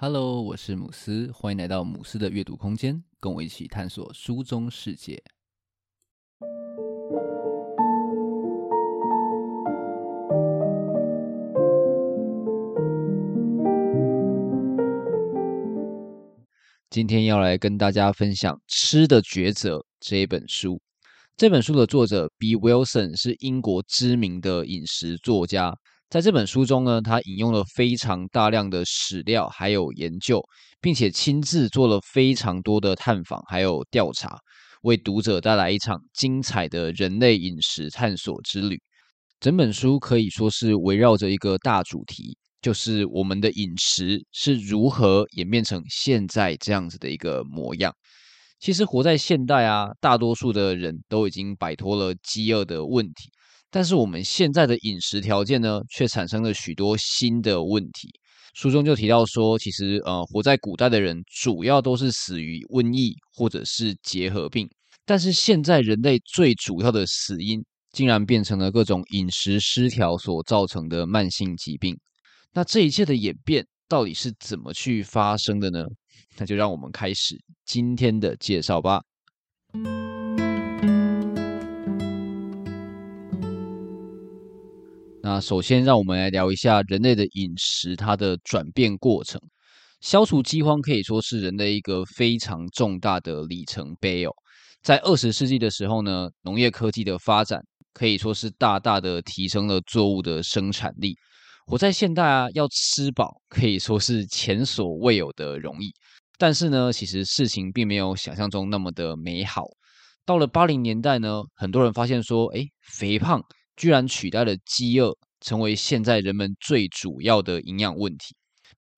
哈嘍，我是姆斯，歡迎來到姆斯的閱讀空間，跟我一起探索書中世界。今天要來跟大家分享《吃的抉擇》這本書。這本書的作者 Bee Wilson 是英國知名的飲食作家。在這本書中呢，他引用了非常大量的史料，還有研究，並且親自做了非常多的探訪，還有調查，為讀者帶來一場精彩的人類飲食探索之旅。整本書可以說是圍繞着一個大主題，就是我們的飲食是如何演變成現在這樣子的一個模樣。其實活在現代啊，大多數的人都已經擺脫了飢餓的問題。但是我們現在的飲食條件呢，卻產生了許多新的問題。書中就提到說，其實呃，活在古代的人主要都是死於瘟疫或者是結核病，但是現在人類最主要的死因竟然變成了各種飲食失調所造成的慢性疾病。那這一切的演變到底是怎麼去發生的呢？那就讓我們開始今天的介紹吧。那首先，讓我們來聊一下人類的飲食它的轉變過程。消除饑荒可以說是人類一個非常重大的里程碑哦。在二十世紀的時候呢，農業科技的發展可以說是大大的提升了作物的生產力。活在現代啊，要吃飽可以說是前所未有的容易。但是呢，其實事情並沒有想象中那麼的美好。到了八零年代呢，很多人發現說，誒，肥胖。居然取代了飢餓，成為現在人們最主要的營養問題。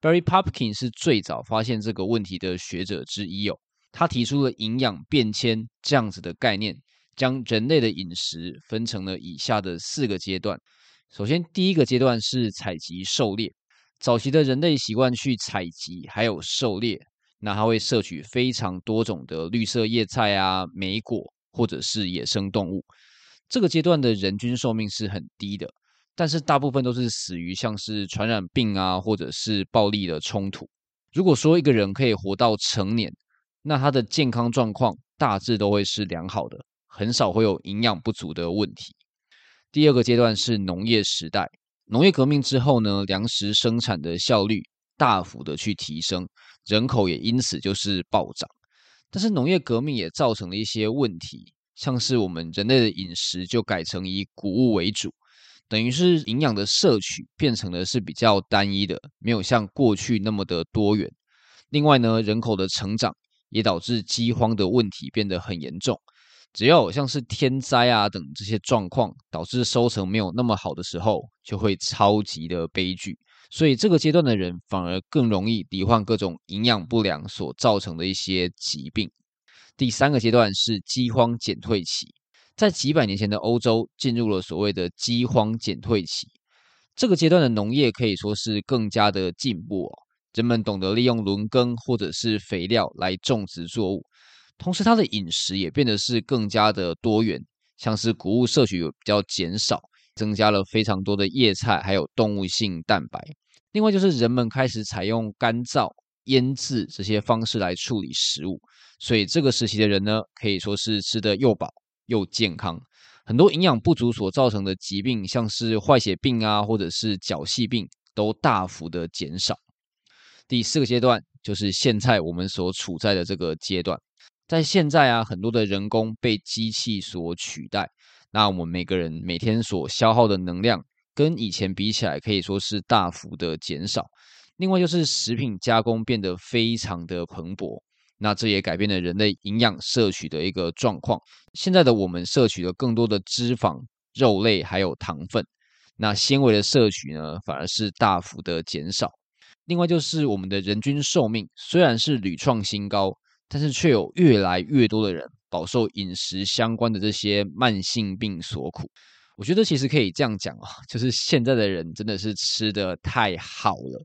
Barry Popkin 是最早發現這個問題的學者之一哦。他提出了“營養變遷”這樣子的概念，將人類的飲食分成了以下的四個階段。首先，第一個階段是採集狩獵，早期的人類習慣去採集，還有狩獵。那他會攝取非常多種的綠色葉菜啊、莓果，或者是野生動物。這個階段的人均壽命是很低的，但是大部分都是死於像是傳染病啊，或者是暴力的衝突。如果說一個人可以活到成年，那他的健康狀況大致都會是良好的，很少會有營養不足的問題。第二個階段是農業時代，農業革命之後呢，糧食生產的效率大幅的去提升，人口也因此就是暴漲。但是農業革命也造成了一些問題。像是我們人類的飲食就改成以穀物為主，等於是營養的攝取變成的是比較單一的，沒有像過去那麼的多元。另外呢，人口的成長也導致饑荒的問題變得很嚴重。只要有像是天災啊等這些狀況導致收成沒有那麼好的時候，就會超級的悲劇。所以這個階段的人反而更容易罹患各種營養不良所造成的一些疾病。第三個階段是饑荒減退期，在幾百年前的歐洲進入了所謂的饑荒減退期。這個階段的農業可以說是更加的進步哦，人們懂得利用輪耕或者是肥料來種植作物，同時它的飲食也變得是更加的多元，像是穀物攝取比較減少，增加了非常多的葉菜，還有動物性蛋白。另外就是人們開始採用乾燥。醃製這些方式來處理食物，所以這個時期的人呢，可以說是吃得又飽又健康。很多營養不足所造成的疾病，像是壞血病啊，或者是腳氣病，都大幅的減少。第四個階段就是現在我們所處在的這個階段，在現在啊，很多的人工被機器所取代，那我們每個人每天所消耗的能量，跟以前比起來，可以說是大幅的減少。另外就是食品加工變得非常的蓬勃，那這也改變了人類營養攝取的一個狀況。現在的我們攝取了更多的脂肪、肉類，還有糖分，那纖維的攝取呢，反而是大幅的減少。另外就是我們的人均壽命雖然是屢創新高，但是卻有越來越多的人飽受飲食相關的這些慢性病所苦。我覺得其實可以這樣講啊，就是現在的人真的是吃得太好了。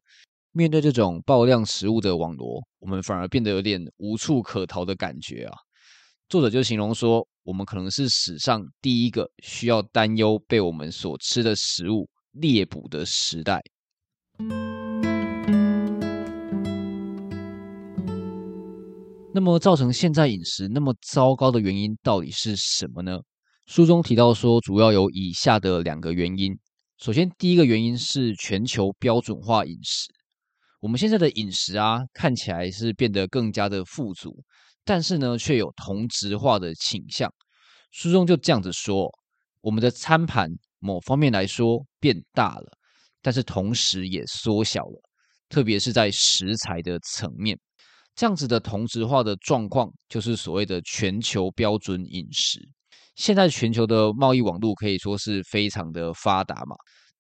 面對這種爆量食物的網絡，我們反而變得有點無處可逃的感覺啊！作者就形容說，我們可能是史上第一個需要擔憂被我們所吃的食物獵捕的時代。那麼，造成現在飲食那麼糟糕的原因到底是什麼呢？書中提到說，主要有以下的兩個原因。首先，第一個原因是全球標準化飲食。我們現在的飲食啊，看起來是變得更加的富足，但是呢，卻有同質化的傾向。書中就這樣子說，我們的餐盤某方面來說變大了，但是同時也縮小了，特別是在食材的層面。這樣子的同質化的狀況，就是所謂的全球標準飲食。現在全球的貿易網絡可以說是非常的發達嘛。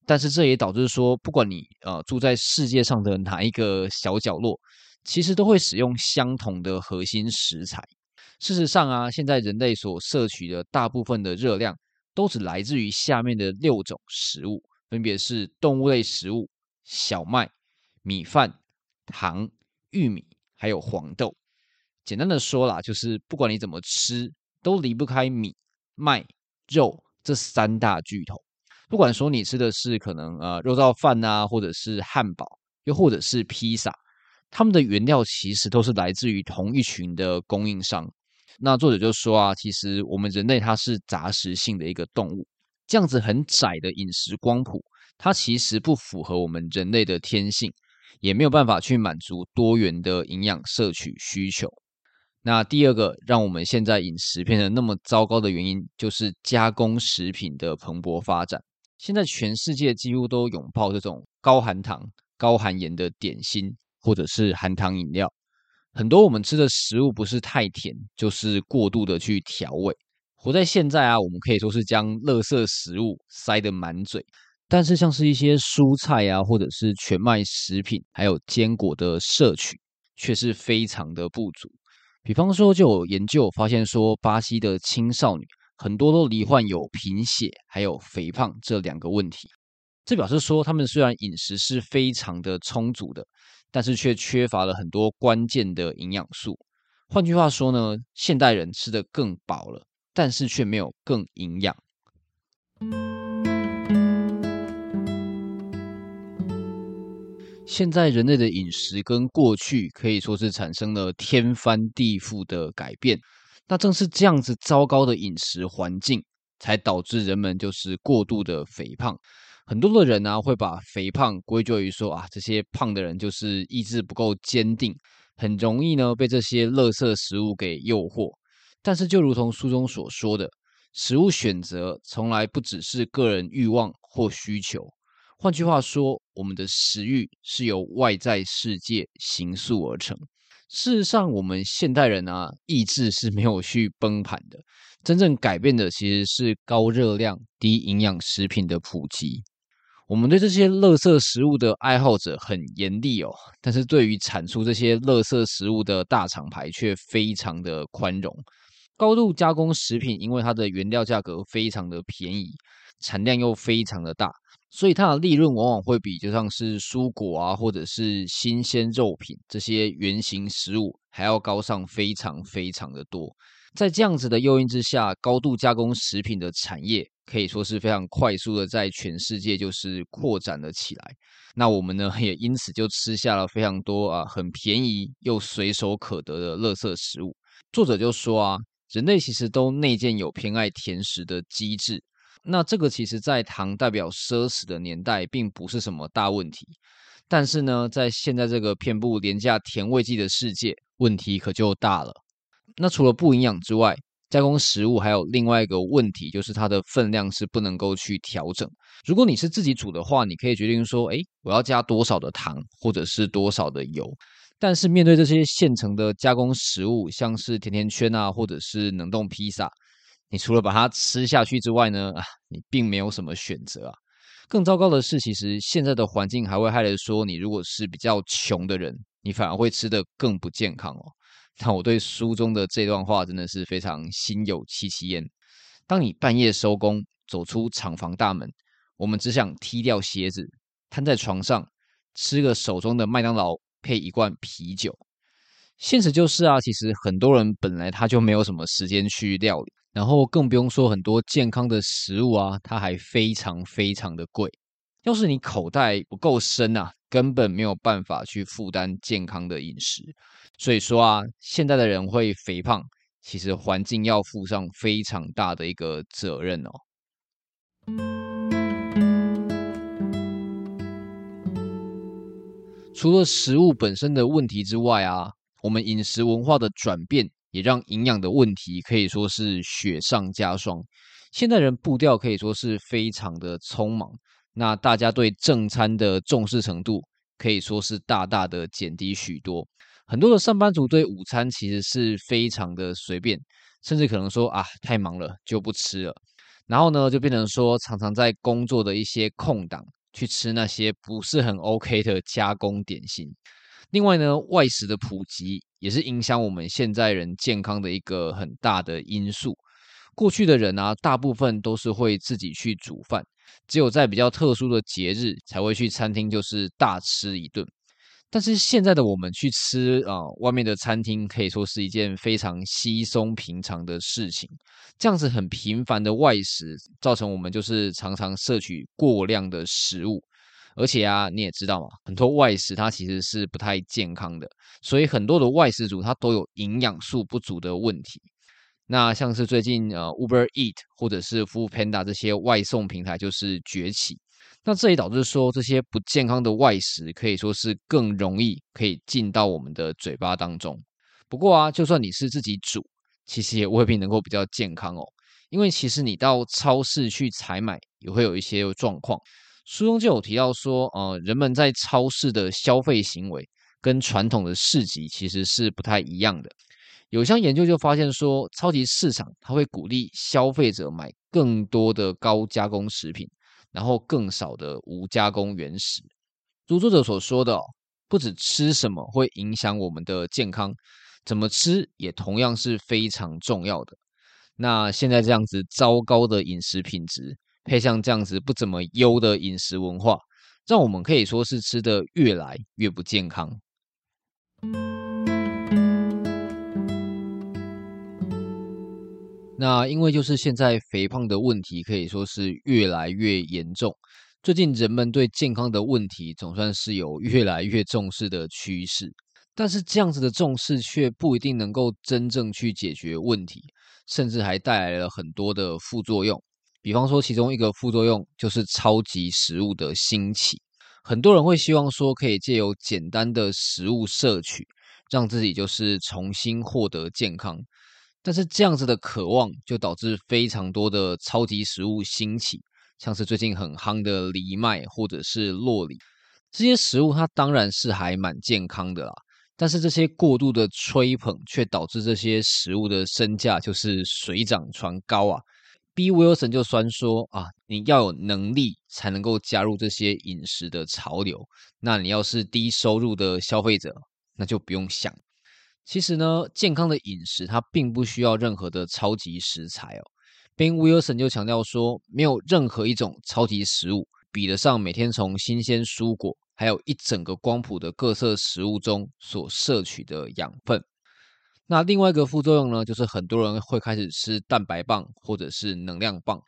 但是這也導致說，不管你呃住在世界上的哪一個小角落，其實都會使用相同的核心食材。事實上啊，現在人類所攝取的大部分的熱量，都只來自於下面的六種食物，分別是動物類食物、小麥、米飯、糖、玉米還有黃豆。簡單的說啦，就是不管你怎麼吃，都離不開米、麥、肉這三大巨頭。不管說你吃的是可能呃肉燥飯啊，或者是漢堡，又或者是披薩，他們的原料其實都是來自於同一群的供應商。那作者就說啊，其實我們人類它是雜食性的一個動物，這樣子很窄的飲食光譜，它其實不符合我們人類的天性，也沒有辦法去滿足多元的營養攝取需求。那第二個讓我們現在飲食變得那麼糟糕的原因，就是加工食品的蓬勃發展。現在全世界幾乎都擁抱這種高含糖、高含鹽的點心，或者是含糖飲料。很多我們吃的食物不是太甜，就是過度的去調味。活在現在啊，我們可以說是將垃圾食物塞得滿嘴。但是像是一些蔬菜啊，或者是全麥食品，還有堅果的攝取卻是非常的不足。比方說，就有研究發現說，巴西的青少女。很多都罹患有貧血，還有肥胖這兩個問題，這表示說他們雖然飲食是非常的充足的，但是卻缺乏了很多關鍵的營養素。換句話說呢，現代人吃得更飽了，但是卻沒有更營養。現在人類的飲食跟過去可以說是產生了天翻地覆的改變。那正是這樣子糟糕的飲食環境，才導致人們就是過度的肥胖。很多的人呢、啊，會把肥胖歸咎於說啊，這些胖的人就是意志不夠堅定，很容易呢被這些垃圾食物給誘惑。但是，就如同書中所說的，食物選擇從來不只是個人慾望或需求。換句話說，我們的食慾是由外在世界形塑而成。事實上，我們現代人啊，意志是沒有去崩盤的。真正改變的其實是高熱量、低營養食品的普及。我們對這些垃圾食物的愛好者很嚴厲哦，但是對於產出這些垃圾食物的大廠牌卻非常的寬容。高度加工食品，因為它的原料價格非常的便宜，產量又非常的大。所以它的利潤往往會比就像是蔬果啊，或者是新鮮肉品這些原型食物還要高上非常非常的多。在這樣子的誘因之下，高度加工食品的產業可以說是非常快速的在全世界就是擴展了起來。那我們呢也因此就吃下了非常多啊很便宜又隨手可得的垃圾食物。作者就說啊，人類其實都內建有偏愛甜食的機制。那這個其實，在糖代表奢侈的年代，並不是什麼大問題。但是呢，在現在這個遍布廉價甜味劑的世界，問題可就大了。那除了不營養之外，加工食物還有另外一個問題，就是它的分量是不能夠去調整。如果你是自己煮的話，你可以決定說，哎、欸，我要加多少的糖，或者是多少的油。但是面對這些現成的加工食物，像是甜甜圈啊，或者是冷凍披薩。你除了把它吃下去之外呢，啊，你並沒有什麼選擇啊。更糟糕的是，其實現在的環境還會害人說，你如果是比較窮的人，你反而會吃得更不健康哦。那我對書中的這段話真的是非常心有戚戚焉。當你半夜收工走出廠房大門，我們只想踢掉鞋子，癱在床上，吃個手中的麥當勞，配一罐啤酒。現實就是啊，其實很多人本來他就沒有什麼時間去料理。然後更不用說很多健康的食物啊，它還非常非常的貴。要是你口袋不夠深啊，根本沒有辦法去負擔健康的飲食。所以說啊，現在的人會肥胖，其實環境要負上非常大的一個責任哦。除了食物本身的問題之外啊，我們飲食文化的轉變，也讓營養的問題可以說是雪上加霜。現代人步調可以說是非常的匆忙，那大家對正餐的重視程度可以說是大大的減低許多。很多的上班族對午餐其實是非常的隨便，甚至可能說啊，太忙了就不吃了，然後呢，就變成說常常在工作的一些空檔去吃那些不是很 OK 的加工點心。另外呢，外食的普及也是影響我們現在人健康的一個很大的因素。過去的人啊，大部分都是會自己去煮飯，只有在比較特殊的節日才會去餐廳，就是大吃一頓。但是現在的我們去吃啊，呃，外面的餐廳可以說是一件非常稀鬆平常的事情。這樣子很頻繁的外食，造成我們就是常常攝取過量的食物。而且啊，你也知道嘛，很多外食它其實是不太健康的，所以很多的外食族它都有營養素不足的問題。那像是最近呃 Uber Eat 或者是 Food Panda 這些外送平台就是崛起，那這也導致說，這些不健康的外食可以說是更容易可以進到我們的嘴巴當中。不過啊，就算你是自己煮，其實也未必能夠比較健康哦，因為其實你到超市去採買也會有一些狀況。書中就有提到說，呃，人們在超市的消費行為跟傳統的市集其實是不太一樣的。有項研究就發現說，超級市場它會鼓勵消費者買更多的高加工食品，然後更少的無加工原食。如作者所說的，哦，不止吃什麼會影響我們的健康，怎麼吃也同樣是非常重要的。那現在這樣子糟糕的飲食品質。配像這樣子不怎麼優的飲食文化，讓我們可以說是吃得越來越不健康。那因為就是現在肥胖的問題可以說是越來越嚴重，最近人們對健康的問題總算是有越來越重視的趨勢，但是這樣子的重視却不一定能夠真正去解決問題，甚至還帶來了很多的副作用。比方說，其中一個副作用就是超級食物的興起。很多人會希望說，可以借由簡單的食物攝取，讓自己就是重新獲得健康。但是這樣子的渴望，就導致非常多的超級食物興起，像是最近很夯的藜麥或者是酪梨這些食物，它當然是還蠻健康的啦。但是這些過度的吹捧，卻導致這些食物的身價就是水漲船高啊。Bee Wilson 就酸說啊，你要有能力才能夠加入這些飲食的潮流，那你要是低收入的消費者，那就不用想。其實呢，健康的飲食它並不需要任何的超級食材哦。Bee Wilson 就強調說，沒有任何一種超級食物比得上每天從新鮮蔬果，還有一整個光譜的各色食物中所攝取的養分。那另外一個副作用呢，就是很多人會開始吃蛋白棒或者是能量棒。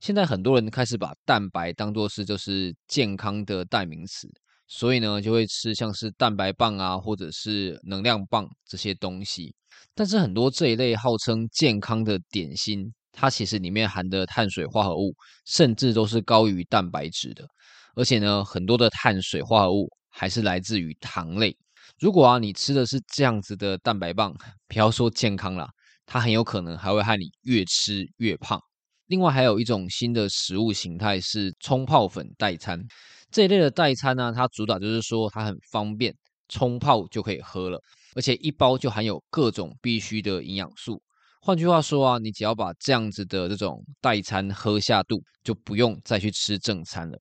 現在很多人開始把蛋白當作是就是健康的代名詞，所以呢就會吃像是蛋白棒啊或者是能量棒這些東西。但是很多這一類號稱健康的點心，它其實裡面含的碳水化合物甚至都是高於蛋白質的，而且呢很多的碳水化合物還是來自於糖類。如果啊，你吃的是這樣子的蛋白棒，不要說健康啦，它很有可能還會害你越吃越胖。另外，還有一種新的食物形態是沖泡粉代餐。這一類的代餐呢、啊，它主打就是說它很方便，沖泡就可以喝了，而且一包就含有各種必需的營養素。換句話說啊，你只要把這樣子的這種代餐喝下肚，就不用再去吃正餐了。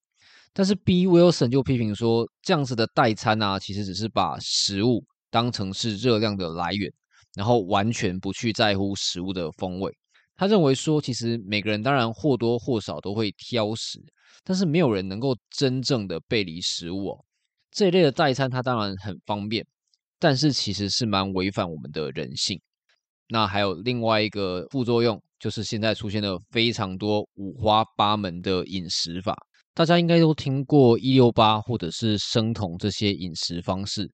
但是，B Wilson 就批評說，這樣子的代餐啊，其實只是把食物當成是熱量的來源，然後完全不去在乎食物的風味。他認為說，其實每個人當然或多或少都會挑食，但是沒有人能夠真正的背離食物哦。這一類的代餐，它當然很方便，但是其實是蠻違反我們的人性。那還有另外一個副作用，就是現在出現了非常多五花八門的飲食法。大家應該都聽過一六八或者是生酮這些飲食方式，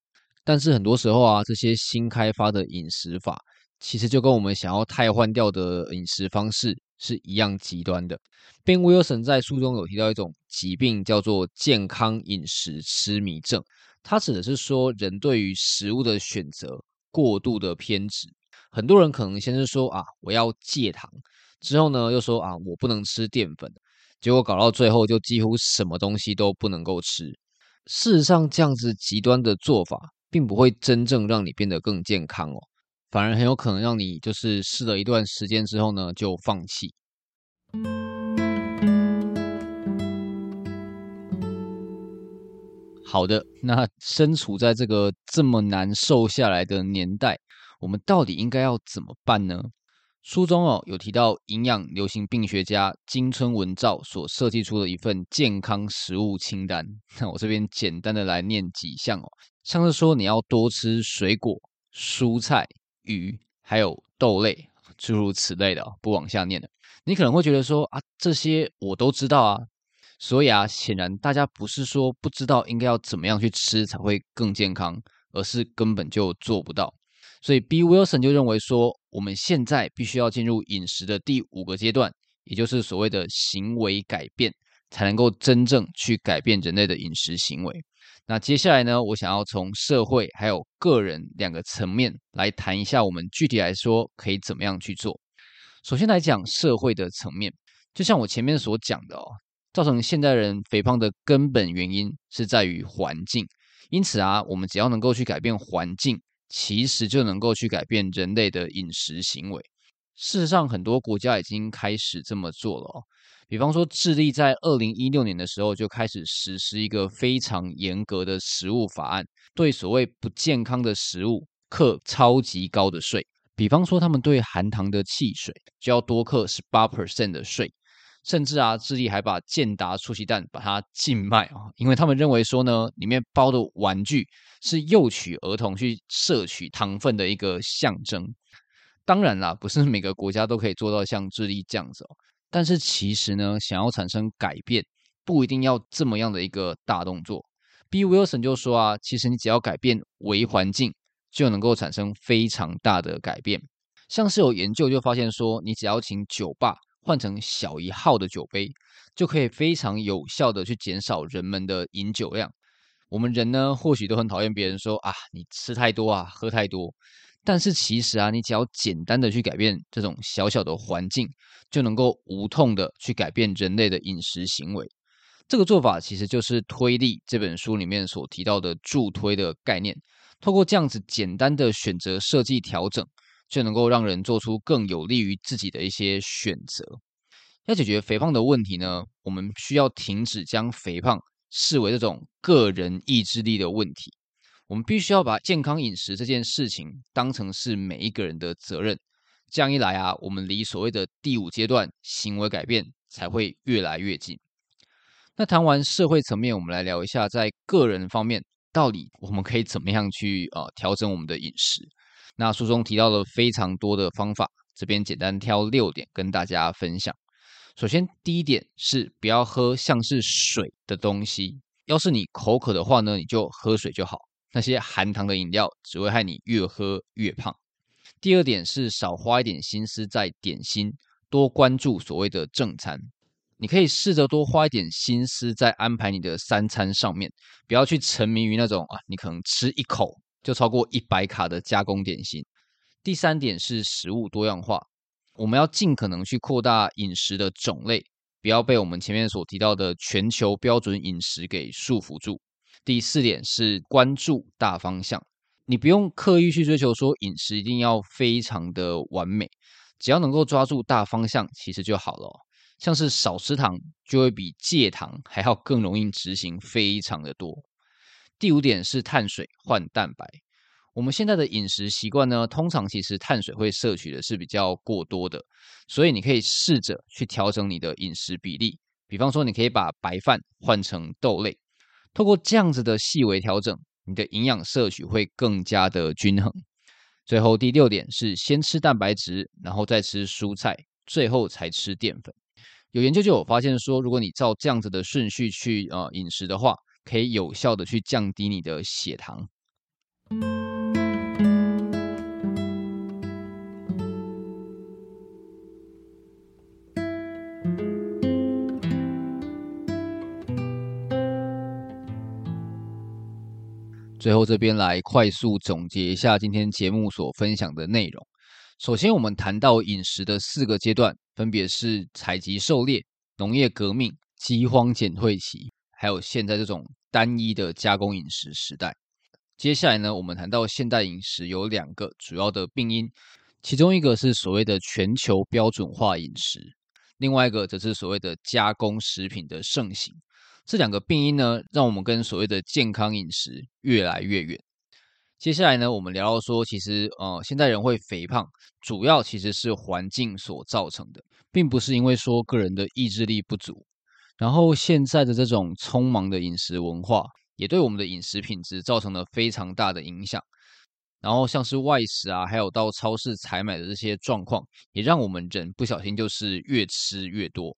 但是很多時候啊，這些新開發的飲食法其實就跟我們想要汰換掉的飲食方式是一樣極端的。碧．威爾森在書中有提到一種疾病叫做健康飲食癡迷症，它指的是說，人對於食物的選擇過度的偏執。很多人可能先是說，啊，我要戒糖，之後呢又說，啊，我不能吃澱粉。結果搞到最後，就幾乎什麼東西都不能夠吃。事實上，這樣子極端的做法，並不會真正讓你變得更健康哦，反而很有可能讓你就是試了一段時間之後呢，就放棄。好的，那身處在這個這麼難瘦下來的年代，我們到底應該要怎麼辦呢？書中哦有提到營養流行病學家金春文照所設計出的一份健康食物清單，那我這邊簡單的來念幾項哦，像是說你要多吃水果、蔬菜、魚，還有豆類，諸如此類的、哦，不往下念了。你可能會覺得說啊，這些我都知道啊，所以啊，顯然大家不是說不知道應該要怎麼樣去吃才會更健康，而是根本就做不到。所以，Bee Wilson 就認為說，我們現在必須要進入飲食的第五個階段，也就是所謂的行為改變，才能夠真正去改變人類的飲食行為。那接下來呢，我想要從社會還有個人兩個層面來談一下，我們具體來說可以怎麼樣去做。首先來講社會的層面，就像我前面所講的哦，造成現代人肥胖的根本原因是在於環境。因此啊，我們只要能夠去改變環境，其實就能夠去改變人類的飲食行為。事實上，很多國家已經開始這麼做了哦。比方說，智利在二零一六年的時候就開始實施一個非常嚴格的食物法案，對所謂不健康的食物課超級高的稅。比方說，他們對含糖的汽水就要多課十八 percent 的稅。甚至啊，智利還把健達出奇蛋把它禁賣啊、哦，因為他們認為說呢，裡面包的玩具是誘取兒童去攝取糖分的一個象徵。當然啦，不是每個國家都可以做到像智利這樣子哦，但是其實呢，想要產生改變，不一定要這麼樣的一個大動作。B Wilson 就說啊，其實你只要改變微環境，就能夠產生非常大的改變。像是有研究就發現說，你只要請酒吧。換成小一號的酒杯，就可以非常有效的去減少人們的飲酒量。我們人呢，或許都很討厭別人說啊，你吃太多啊，喝太多。但是其實啊，你只要簡單的去改變這種小小的環境，就能夠無痛的去改變人類的飲食行為。這個做法其實就是《推力》這本書裡面所提到的助推的概念，透過這樣子簡單的選擇設計調整。就能夠讓人做出更有利於自己的一些選擇。要解決肥胖的問題呢，我們需要停止將肥胖視為這種個人意志力的問題。我們必須要把健康飲食這件事情當成是每一個人的責任。這樣一來啊，我們離所謂的第五階段行為改變才會越來越近。那談完社會層面，我們來聊一下在個人方面，到底我們可以怎麼樣去啊調整我們的飲食？那書中提到了非常多的方法，這邊簡單挑六點跟大家分享。首先，第一點是不要喝像是水的東西，要是你口渴的話呢，你就喝水就好。那些含糖的飲料只會害你越喝越胖。第二點是少花一點心思在點心，多關注所謂的正餐。你可以試着多花一點心思在安排你的三餐上面，不要去沉迷於那種啊，你可能吃一口，就超過一百卡的加工點心。第三點是食物多樣化，我們要盡可能去擴大飲食的種類，不要被我們前面所提到的全球標準飲食給束縛住。第四點是關注大方向，你不用刻意去追求說飲食一定要非常的完美，只要能夠抓住大方向，其實就好了。像是少吃糖，就會比戒糖還要更容易執行，非常的多。第五點是碳水換蛋白。我們現在的飲食習慣呢，通常其實碳水會攝取的是比較過多的，所以你可以試着去調整你的飲食比例。比方說，你可以把白飯換成豆類，透過這樣子的細微調整，你的營養攝取會更加的均衡。最後第六點是先吃蛋白質，然後再吃蔬菜，最後才吃澱粉。有研究就有發現說，如果你照這樣子的順序去呃飲食的話，可以有效的去降低你的血糖。最後，這邊來快速總結一下今天節目所分享的內容。首先，我們談到飲食的四個階段，分別是採集狩獵、農業革命、饑荒減退期。還有現在這種單一的加工飲食時代，接下來呢，我們談到現代飲食有兩個主要的病因，其中一個是所謂的全球標準化飲食，另外一個則是所謂的加工食品的盛行。這兩個病因呢，讓我們跟所謂的健康飲食越來越遠。接下來呢，我們聊到說，其實呃，現代人會肥胖，主要其實是環境所造成的，並不是因為說個人的意志力不足。然後現在的這種匆忙的飲食文化，也對我們的飲食品質造成了非常大的影響。然後像是外食啊，還有到超市採買的這些狀況，也讓我們人不小心就是越吃越多。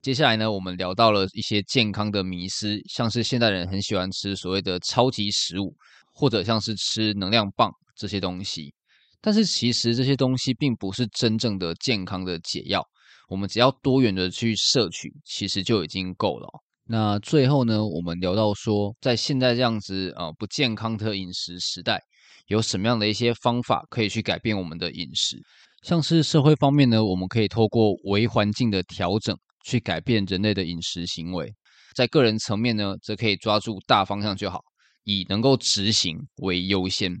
接下來呢，我們聊到了一些健康的迷思，像是現代人很喜歡吃所謂的超級食物，或者像是吃能量棒這些東西，但是其實這些東西並不是真正的健康的解藥。我們只要多元的去攝取，其實就已經夠了。那最後呢，我們聊到說，在現在這樣子啊、呃、不健康的飲食時代，有什麼樣的一些方法可以去改變我們的飲食？像是社會方面呢，我們可以透過微環境的調整去改變人類的飲食行為；在個人層面呢，則可以抓住大方向就好，以能夠執行為優先。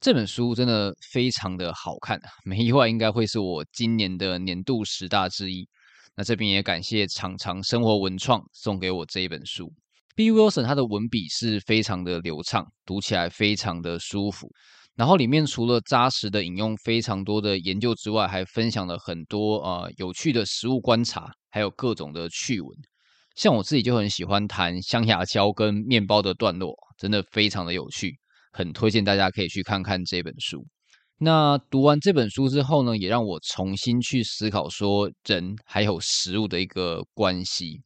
這本書真的非常的好看，沒意外應該會是我今年的年度十大之一。那這邊也感謝常常生活文創送給我這一本書。B Wilson 他的文筆是非常的流暢，讀起來非常的舒服。然後裡面除了扎實的引用非常多的研究之外，還分享了很多呃有趣的食物觀察，還有各種的趣聞。像我自己就很喜歡談香牙膠跟麵包的段落，真的非常的有趣。很推薦大家可以去看看這本書。那讀完這本書之後呢，也讓我重新去思考說人還有食物的一個關係。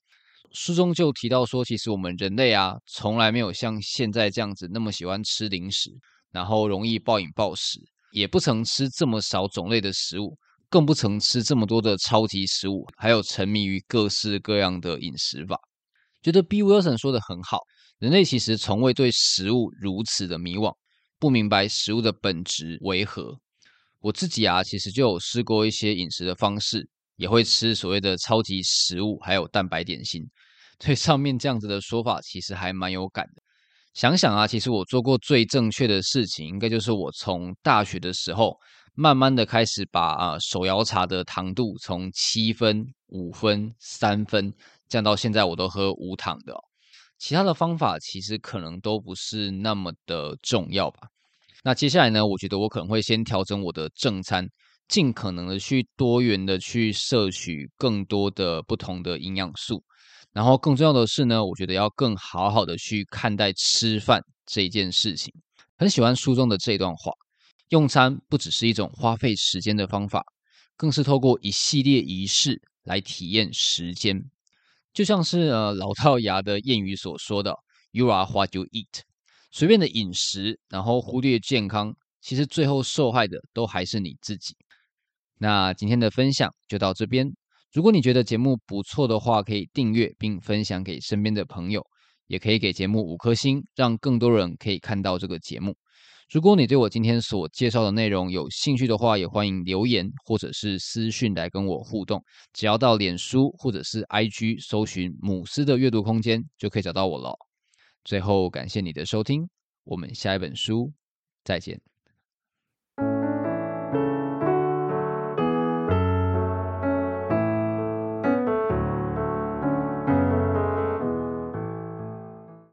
書中就提到說，其實我們人類啊，從來沒有像現在這樣子那麼喜歡吃零食，然後容易暴飲暴食，也不曾吃這麼少種類的食物，更不曾吃這麼多的超級食物，還有沉迷於各式各樣的飲食法。覺得 B Wilson 說得很好。人類其實從未對食物如此的迷惘，不明白食物的本質為何。我自己啊，其實就有試過一些飲食的方式，也會吃所謂的超級食物，還有蛋白點心。對上面這樣子的說法，其實還蠻有感的。想想啊，其實我做過最正確的事情，應該就是我從大學的時候，慢慢的開始把啊手搖茶的糖度從七分、五分、三分降到現在，我都喝無糖的。其他的方法其實可能都不是那麼的重要吧。那接下來呢，我覺得我可能會先調整我的正餐，盡可能的去多元的去攝取更多的不同的營養素。然後更重要的是呢，我覺得要更好好的去看待吃飯這件事情。很喜歡書中的這段話，用餐不只是一種花費時間的方法，更是透過一系列儀式來體驗時間。就像是呃老掉牙的諺語所說的，You are what you eat。隨便的飲食，然後忽略健康，其實最後受害的都還是你自己。那今天的分享就到這邊。如果你覺得節目不錯的話，可以訂閱並分享給身邊的朋友，也可以給節目五顆星，讓更多人可以看到這個節目。如果你對我今天所介紹的內容有興趣的話，也歡迎留言或者是私訊來跟我互動。只要到臉書或者是 IG 搜尋“姆斯的閱讀空間”，就可以找到我了。最後，感謝你的收聽，我們下一本書再見。